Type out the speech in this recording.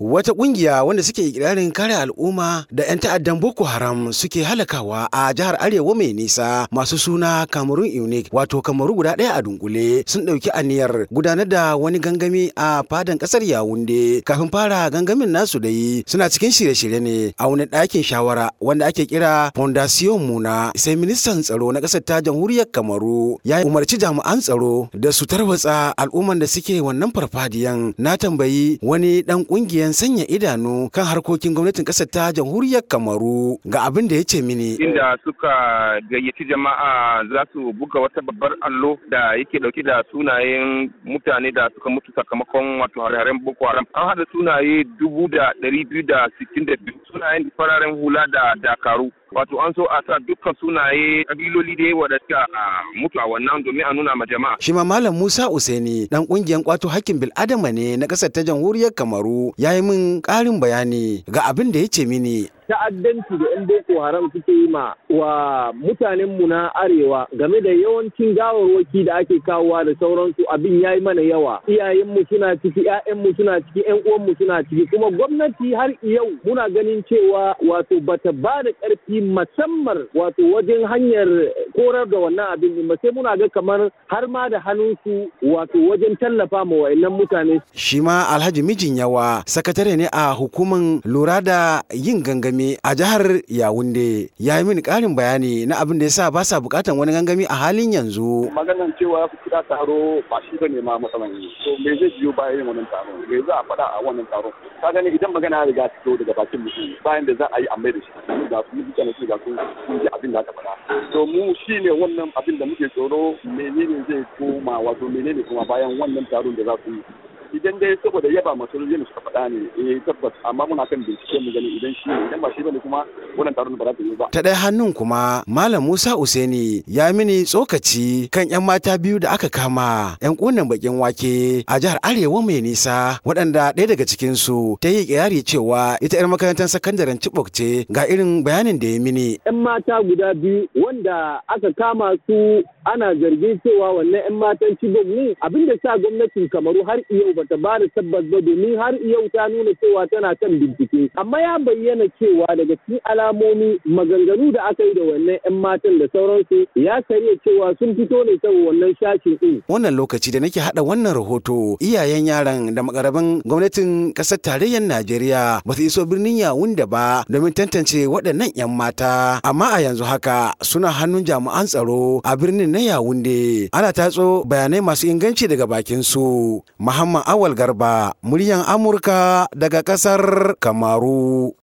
wata kungiya wanda suke ikirarin kare al'umma da 'yan ta'addan boko haram suke halakawa a jihar arewa mai nisa masu suna Kamarun unique wato kamaru guda ɗaya a dunkule sun ɗauki aniyar gudanar da wani gangami a fadan ƙasar yawunde kafin fara gangamin nasu da yi suna cikin shirye-shirye ne a wani ɗakin shawara wanda ake kira fondation muna sai ministan tsaro na ƙasar ta jamhuriyar kamaru ya umarci jami'an tsaro da su tarwatsa al'umman da suke wannan farfadiyan na tambayi wani ɗan ƙungiyar bayan sanya idanu kan harkokin gwamnatin ƙasar ta jamhuriyar Kamaru ga abin da ya ce mini. Inda suka gayyaci jama'a za su buga wata babbar allo da yake dauke da sunayen mutane da suka mutu sakamakon wato hare-haren Boko Haram. An haɗa sunaye dubu da ɗari biyu da sittin da biyu sunayen fararen hula da dakaru wato an so a sa dukkan sunaye kabiloli da yawa da suka mutu a wannan domin a nuna ma jama'a. Shi ma Malam Musa Useni dan kungiyar kwato hakkin bil'adama ne na kasar ta jamhuriyar Kamaru ya yi min karin bayani ga abin da ya ce mini. ta'addanci da 'yan boko haram suke yi ma wa mutanenmu na arewa game da yawancin gawarwaki da ake kawowa da sauransu abin ya yi mana yawa iyayenmu suna ciki mu suna ciki 'yan mu suna ciki kuma gwamnati har yau muna ganin cewa wato bata ba da ƙarfi musamman wato wajen hanyar korar da wannan abin ba sai muna ga kamar har ma da hannunsu wato wajen tallafa ma wa'annan mutane. shi ma alhaji mijin yawa sakatare ne a hukumar lura da yin gangami gangami a jihar Yawunde ya yi mini ƙarin bayani na abin da ya sa ba sa buƙatar wani gangami a halin yanzu. Maganan cewa ku kira taro ba shi ne ma matsalan yi. To me zai biyo bayan wannan taro? Me za a faɗa a wannan taro? Ka gani idan magana riga fito daga bakin mutum bayan da za a yi amai da shi. Ga su mutum kenan ga su ji abin da aka faɗa. To mu shi ne wannan abin da muke tsoro menene zai koma wato menene kuma bayan wannan taron da za su yi. idan dai saboda yaba masu yin suka faɗa ne eh tabbas amma muna kan bincike mu gani idan shi idan ba shi bane kuma wannan taron ba za ta yi ba ta dai hannun kuma malam Musa Useni ya mini tsokaci kan yan mata biyu da aka kama yan kunan bakin wake a jihar Arewa mai nisa waɗanda ɗaya daga cikin su ta yi kiyari cewa ita yar makarantar sakandaren Chibok ce ga irin bayanin da ya mini yan mata guda biyu wanda aka kama su ana zargin cewa wannan yan matan Chibok ne abinda sa gwamnatin Kamaru har yau ta ba da tabbas ba domin har yau ta nuna cewa tana kan bincike amma ya bayyana cewa daga cikin alamomi maganganu da aka yi da wannan 'yan matan da sauransu ya karya cewa sun fito ne saboda wannan shashin din wannan lokaci da nake haɗa wannan rahoto iyayen yaran da makarabin gwamnatin ƙasar tarayyar najeriya ba su iso birnin yawun da ba domin tantance waɗannan 'yan mata amma a yanzu haka suna hannun jami'an tsaro a birnin na yawunde ana tatso bayanai masu inganci daga bakin su muhammad Awal Garba, muryan Amurka daga ƙasar Kamaru.